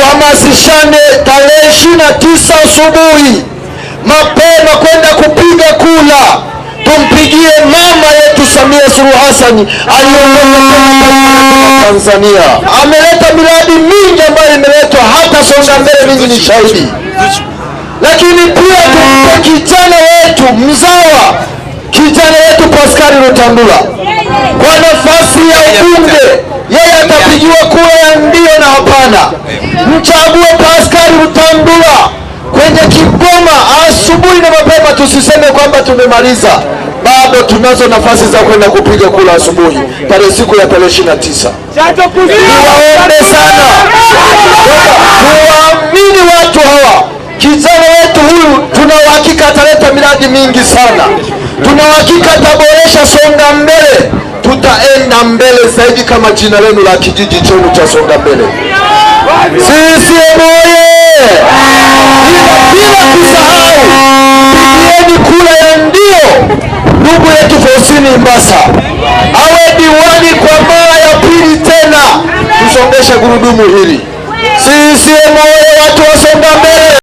tuhamasishane tarehe ishirini na tisa asubuhi mapema kwenda kupiga kula, tumpigie mama yetu Samia Suluhu Hassan aliyoongoza Tanzania. Ameleta miradi mingi ambayo imeletwa hata Songa Mbele, mingi ni shahidi. Lakini pia tumpe kijana wetu mzawa, kijana wetu Paskari Rutambula kwa nafasi ya ubunge, yeye atapigiwa kura ya ndio na hapana. Mchague Paskari Mtambula kwenye Kigoma asubuhi na mapema. Tusiseme kwamba tumemaliza, bado tunazo nafasi za kwenda kupiga kula asubuhi tarehe siku ya tarehe ishirini na tisa. Niwaombe sana, tuwaamini watu hawa. Kijana wetu huyu tuna uhakika ataleta miradi mingi sana, tuna uhakika ataboresha Songa Mbele. Tutaenda mbele zaidi kama jina lenu la kijiji chenu cha Songa Mbele. CCM oye! Bila kusahau igieni kura ya ndio ndugu yetu Faustini Mbasa awe diwani kwa mara ya pili tena, tusongeshe gurudumu hili. CCM oye! Watu wasonga mbele.